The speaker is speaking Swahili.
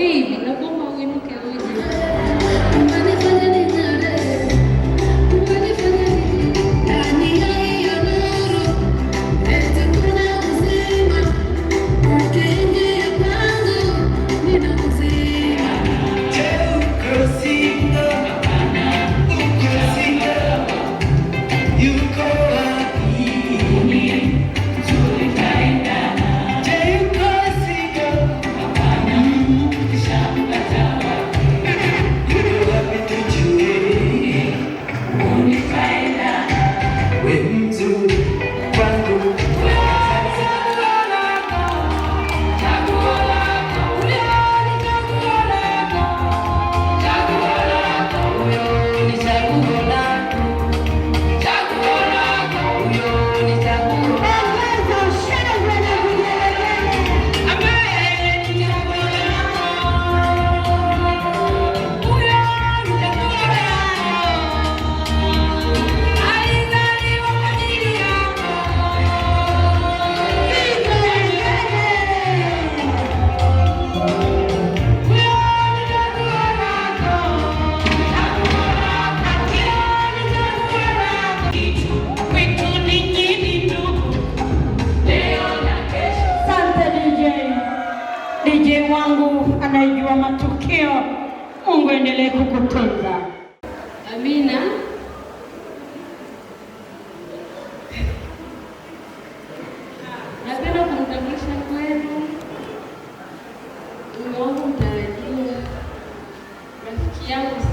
baby. anayejua matokeo. Mungu endelee kukutunza. Amina. Napenda kumtambulisha kwenu mume wangu mtarajiwa, rafiki yangu